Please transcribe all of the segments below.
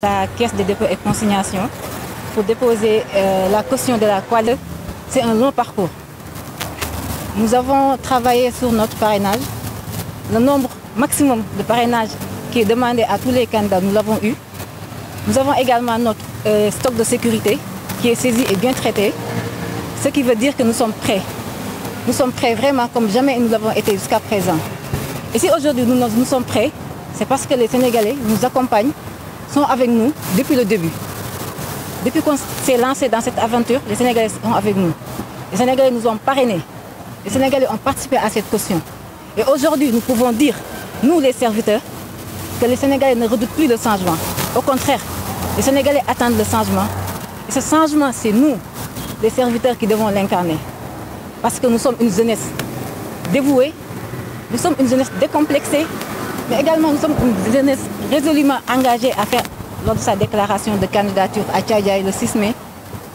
La caisse de dépôt et consignation pour déposer euh, la caution de la coale. c'est un long parcours. Nous avons travaillé sur notre parrainage. Le nombre maximum de parrainages qui est demandé à tous les candidats, nous l'avons eu. Nous avons également notre euh, stock de sécurité qui est saisi et bien traité, ce qui veut dire que nous sommes prêts. Nous sommes prêts vraiment comme jamais nous l'avons été jusqu'à présent. Et si aujourd'hui nous, nous sommes prêts, c'est parce que les Sénégalais nous accompagnent sont avec nous depuis le début. Depuis qu'on s'est lancé dans cette aventure, les Sénégalais sont avec nous. Les Sénégalais nous ont parrainés. Les Sénégalais ont participé à cette caution. Et aujourd'hui, nous pouvons dire, nous les serviteurs, que les Sénégalais ne redoutent plus le changement. Au contraire, les Sénégalais attendent le changement. Et ce changement, c'est nous, les serviteurs, qui devons l'incarner. Parce que nous sommes une jeunesse dévouée, nous sommes une jeunesse décomplexée, mais également nous sommes une jeunesse résolument engagé à faire lors de sa déclaration de candidature à Tchadjaï le 6 mai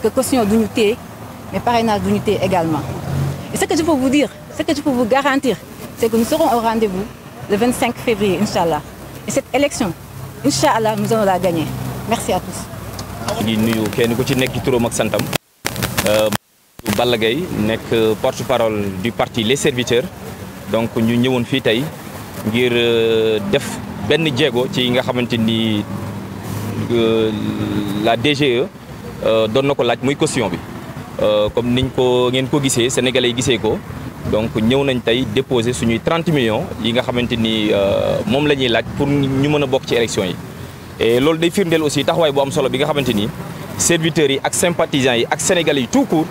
que caution d'unité, mais parrainage d'unité également. Et ce que je peux vous dire, ce que je peux vous garantir, c'est que nous serons au rendez-vous le 25 février, Inch'Allah. Et cette élection, Inch'Allah, nous allons la gagner. Merci à tous. Nous euh, porte-parole du parti Les Serviteurs donc ñu ben jéego ci nga xamanteni euh, la DGE euh na ko laaj muy caution bi euh, comme niñ ko ngeen ko gisee sénégalais yi gisee ko donc ñew nañ tay déposer suñuy 30 millions yi nga xamanteni euh mom lañuy ñuy laaj pour ñu mëna bok ci élection yi. et loolu day firndeel aussi taxway bu am solo bi nga xamanteni ni serviteurs yi ak sympathisants yi ak sénégalais yi tout court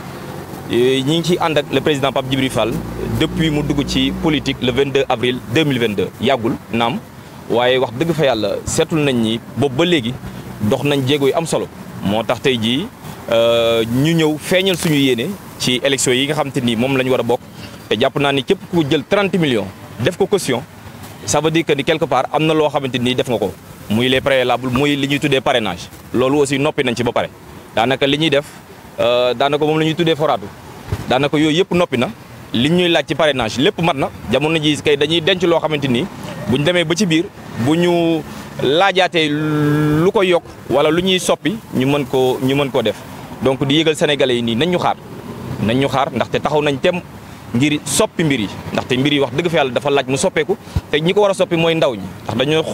ñi ngi ciy ak le président Pape Djibril Fall depuis mu dugg ci politique le 22 avril 2022 Yagul, Nam. waaye wax dëgg fa yàlla seetul nañ ni boobu ba léegi dox nañ jéego am solo moo tax tey jii euh, ñu ñëw feeñal suñu yéene ci élection yi nga xam te ni moom la ñu war a bokk te jàpp naa ni képp ku jël 30 million def ko caution ça veut dire que ni quelque part am na loo xamante ni def nga ko muy les préalables muy li ñuy tuddee parrainage loolu aussi noppi nañ ci ba pare daanaka li ñuy def euh, daanaka moom la ñuy tuddee foraatu daanaka yooyu yëpp noppi na li ñuy laaj ci parrainage lépp mat na jamono ji kay dañuy denc loo xamante ni buñ demee ba ci biir bu ñu laajaatee lu ko yokk wala lu ñuy soppi ñu mën koo ñu mën koo def donc di yégal sénégalais yi nii nañ ñu xaar nañ ñu xaar ndaxte taxaw nañ tem ngir soppi mbir yi ndaxte mbir yi wax dëgg fa yàlla dafa laaj mu soppeeku te ñi ko war a soppi mooy ndaw ñi ndax dañoo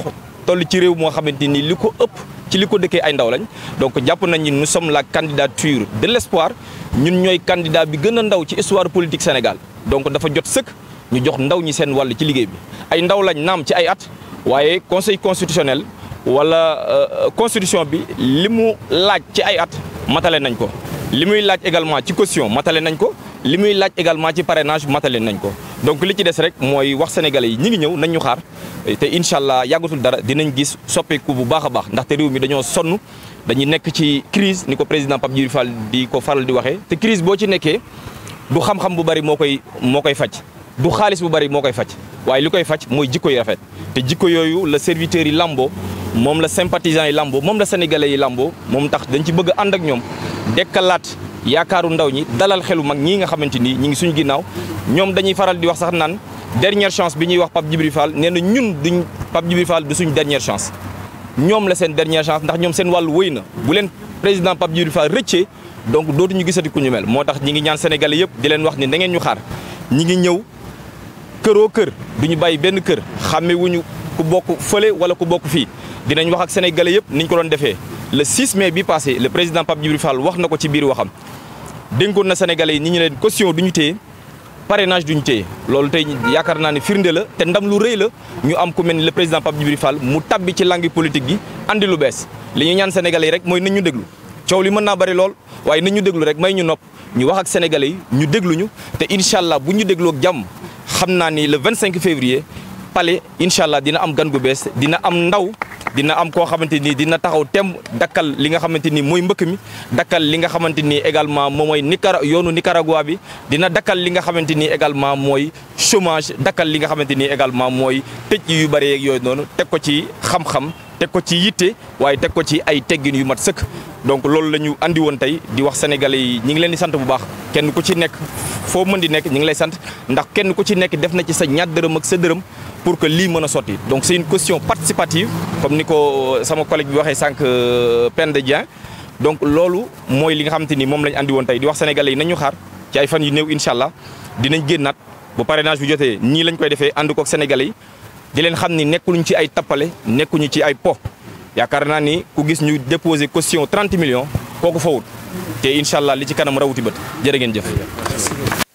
toll ci réew moo xamante ni li ko ëpp ci li ko dëkkee ay ndaw lañ donc jàpp nañ ñu nous sommes la candidature de l'espoir ñun ñooy candidat bi gën a ndaw ci histoire politique Sénégal donc dafa jot sëkk ñu jox ndaw ñi seen wàll ci liggéey bi ay ndaw lañ naam ci ay at waaye conseil constitutionnel wala euh, constitution bi li mu laaj ci ay at matale nañ ko li muy laaj également ci costion matale nañ ko li muy laaj également ci parrainage matale nañ ko donc li ci des rek mooy wax sénégalais yi ñi ngi ñëw nañ ñu xaar te incha allah yàggatul dara dinañ gis soppeeku bu baax a baax ndaxte réew mi dañoo sonn dañuy nekk ci crise ni ko président Pape Djibril Fall di ko faral di waxee te crise boo ci nekkee du xam-xam bu bari moo koy moo koy faj du xaalis bu bari moo koy faj waye likoy koy moy mooy jikko yu rafet te jikko yoyu le serviteur yi lambo mom la sympathisant yi lambo mom la sénégalais yi lambo mom tax dañ ci bëgg and ak ñom dekkalaat yaakaaru ndaw ñi dalal xelu mag ñi nga xamante ñi ngi suñu ginnaw ñom dañuy faral di wax sax nan dernière chance bi ñuy wax pap jibril Fall nee ñun duñ pap jibril Fall du suñu dernière chance ñom la seen dernière chance ndax ñom seen walu wëy bu len président pap jibril Fall rëccee donc ñu gisati ku ñu mel motax ñi ngi ñaan sénégalais yépp di len wax ni da ngeen ñu xaar ñi ngi ñew këroo kër du ñu bàyyi benn kër xàmme wuñu ku bokk fële wala ku bokk fii dinañ wax ak sénégalais yëpp niñ ko doon defee le 6 mais bi passé le président Pape Djibril Fall wax na ko ci biir waxam dénkoon na sénégalais yi ni ñu leen caution du ñu téye parrainage du ñu téye loolu tey yaakaar naa ne firnde la te ndam lu rëy la ñu am ku mel le président Pape Djibril Fall mu tabbi ci langue politique gi andi lu bees li ñu ñaan sénégalais yi rek mooy nañ ñu déglu coow li mën naa bari lool waaye nañ déglu rek may ñu nopp ñu wax ak sénégalais yi ñu dégluñu te incha allah bu ñu dégloo jàmm xam naa ni le 25 février palais incha allah dina am gan gu bees dina am ndaw dina am koo xamante ni dina taxaw temb dakkal li nga xamante ni mooy mbëkk mi dakkal li nga xamante ni également moom mooy Nicara yoonu Nicaragua bi dina dakkal li nga xamante ni également mooy chômage dakkal li nga xamante ni également mooy tëj yu bëri yooyu noonu teg ko ci xam-xam teg ko ci yitte waaye teg ko ci ay teggin yu mat sëkk. donc loolu lañu andi won tay di wax sénégalais yi ñi ngi leen di sante bu baax kenn ku ci nek fo mën di nek ñi ngi lay sante ndax kenn ku ci nek def na ci sa ñaar deureum ak sa deureum pour que li mën a donc c'est une question participative comme niko sama collègue bi waxe sank euh, pen de Dieng donc loolu moy li nga xamante ni moom la andi won tay di wax sénégalais yi nañu xaar ci ay fan yu néew inshallah allah dinañ gennat bu parrainage bi jotee ñi lañ koy defee ànd koog sénégalais yi di leen xam ni nekkuluñ ci ay tappale nekkuñu ci ay pop Y'a naa ku gis ñu déposé caution 30 millions kooku fawut té inshallah li ci kanam rawuti jëf